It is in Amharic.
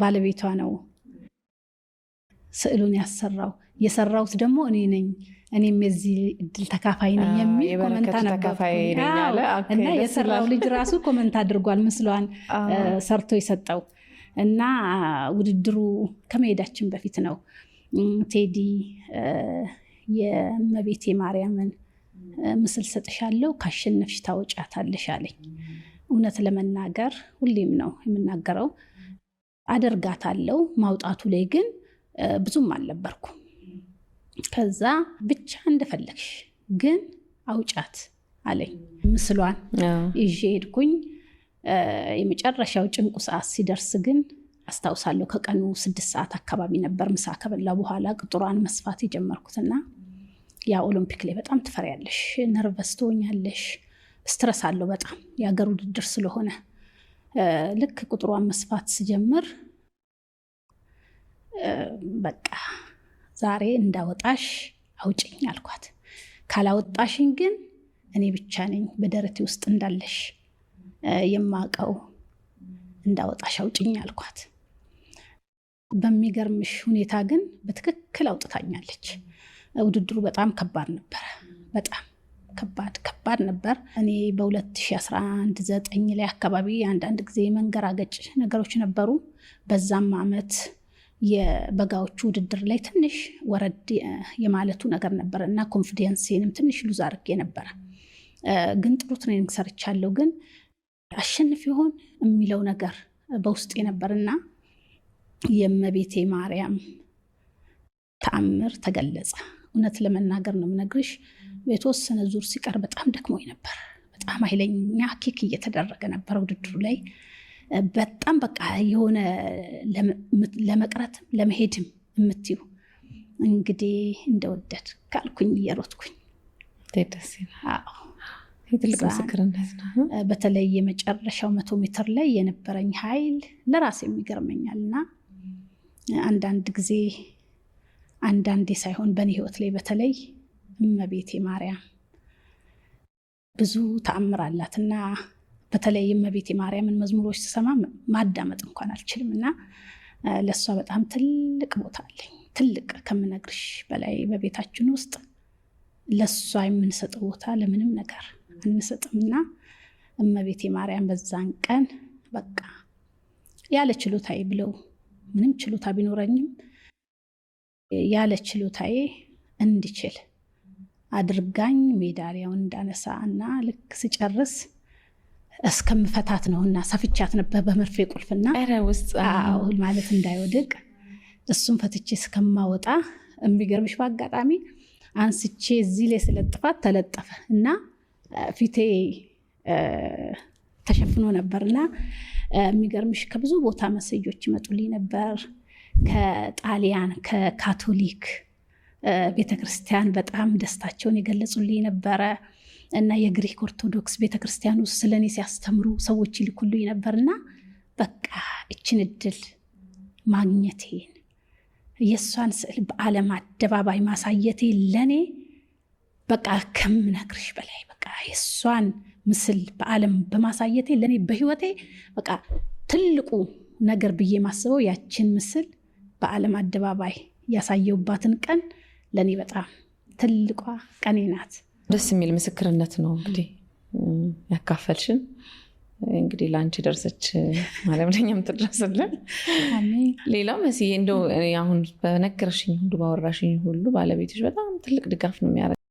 ባለቤቷ ነው ስዕሉን ያሰራው። የሰራውት ደግሞ እኔ ነኝ፣ እኔም የዚህ እድል ተካፋይ ነኝ የሚል ኮመንታ ነበርና የሰራው ልጅ ራሱ ኮመንት አድርጓል። ምስሏን ሰርቶ የሰጠው እና ውድድሩ ከመሄዳችን በፊት ነው ቴዲ የመቤቴ ማርያምን ምስል ሰጥሻለሁ ካሸነፍሽ ታወጫታለሽ አለኝ። እውነት ለመናገር ሁሌም ነው የምናገረው አለው ማውጣቱ ላይ ግን ብዙም አልነበርኩ። ከዛ ብቻ እንደፈለግሽ ግን አውጫት አለኝ። ምስሏን ይዤ ሄድኩኝ። የመጨረሻው ጭንቁ ሰዓት ሲደርስ ግን አስታውሳለሁ ከቀኑ ስድስት ሰዓት አካባቢ ነበር ምሳ ከበላ በኋላ ቅጥሯን መስፋት የጀመርኩትና ያ ኦሎምፒክ ላይ በጣም ትፈሪያለሽ፣ ነርቨስ ትሆኛለሽ፣ ስትረስ አለው በጣም የሀገር ውድድር ስለሆነ ልክ ቁጥሯን መስፋት ስጀምር በቃ ዛሬ እንዳወጣሽ አውጭኝ አልኳት። ካላወጣሽኝ ግን እኔ ብቻ ነኝ በደረቴ ውስጥ እንዳለሽ የማውቀው፣ እንዳወጣሽ አውጭኝ አልኳት። በሚገርምሽ ሁኔታ ግን በትክክል አውጥታኛለች። ውድድሩ በጣም ከባድ ነበረ፣ በጣም ከባድ ከባድ ነበር። እኔ በ 2019 ዘጠኝ ላይ አካባቢ አንዳንድ ጊዜ መንገራገጭ ነገሮች ነበሩ። በዛም አመት የበጋዎቹ ውድድር ላይ ትንሽ ወረድ የማለቱ ነገር ነበር እና ኮንፊደንስንም ትንሽ ሉዝ አድርጌ ነበረ። ግን ጥሩ ትሬኒንግ ሰርቻለሁ። ግን አሸንፍ ይሆን የሚለው ነገር በውስጤ ነበር እና የእመቤቴ ማርያም ተአምር ተገለጸ። እውነት ለመናገር ነው የምነግርሽ የተወሰነ ዙር ሲቀር በጣም ደክሞኝ ነበር። በጣም ኃይለኛ ኬክ እየተደረገ ነበር ውድድሩ ላይ በጣም በቃ የሆነ ለመቅረትም ለመሄድም የምትዩ እንግዲህ እንደወደድ ካልኩኝ እየሮጥኩኝ በተለይ የመጨረሻው መቶ ሜትር ላይ የነበረኝ ኃይል ለራሴ የሚገርመኛል እና አንዳንድ ጊዜ አንዳንዴ ሳይሆን በእኔ ህይወት ላይ በተለይ እመቤቴ ማርያም ብዙ ተአምር አላት እና በተለይ እመቤቴ ማርያምን መዝሙሮች ስሰማ ማዳመጥ እንኳን አልችልም እና ለእሷ በጣም ትልቅ ቦታ አለኝ። ትልቅ ከምነግርሽ በላይ በቤታችን ውስጥ ለእሷ የምንሰጠው ቦታ ለምንም ነገር አንሰጥም እና እመቤቴ ማርያም በዛን ቀን በቃ ያለ ችሎታዬ ብለው ምንም ችሎታ ቢኖረኝም ያለ ችሎታዬ እንድችል አድርጋኝ ሜዳሊያውን እንዳነሳ እና ልክ ስጨርስ እስከምፈታት ነው እና ሰፍቻት ነበር በመርፌ ቁልፍና ውስጥ ማለት እንዳይወድቅ እሱም ፈትቼ እስከማወጣ የሚገርምሽ በአጋጣሚ አንስቼ እዚህ ላይ ስለጥፋት ተለጠፈ እና ፊቴ ተሸፍኖ ነበር እና የሚገርምሽ ከብዙ ቦታ መሰዮች ይመጡልኝ ነበር ከጣሊያን ከካቶሊክ ቤተክርስቲያን በጣም ደስታቸውን የገለጹልኝ ነበረ እና የግሪክ ኦርቶዶክስ ቤተክርስቲያን ውስጥ ስለ ሲያስተምሩ ሰዎች ይልኩልኝ ነበርና በቃ እችን እድል ማግኘቴን የእሷን ስዕል በዓለም አደባባይ ማሳየቴ ለእኔ በቃ ከምነግርሽ በላይ በቃ የእሷን ምስል በዓለም በማሳየቴ ለእኔ በህይወቴ በቃ ትልቁ ነገር ብዬ ማስበው ያችን ምስል በዓለም አደባባይ ያሳየውባትን ቀን ለእኔ በጣም ትልቋ ቀኔ ናት። ደስ የሚል ምስክርነት ነው እንግዲህ ያካፈልሽን። እንግዲህ ለአንቺ ደርሰች ማለት ለኛም ትድረስልን። ሌላው መስዬ እንደው አሁን በነገርሽኝ ሁሉ ባወራሽኝ ሁሉ ባለቤትሽ በጣም ትልቅ ድጋፍ ነው የሚያደርገው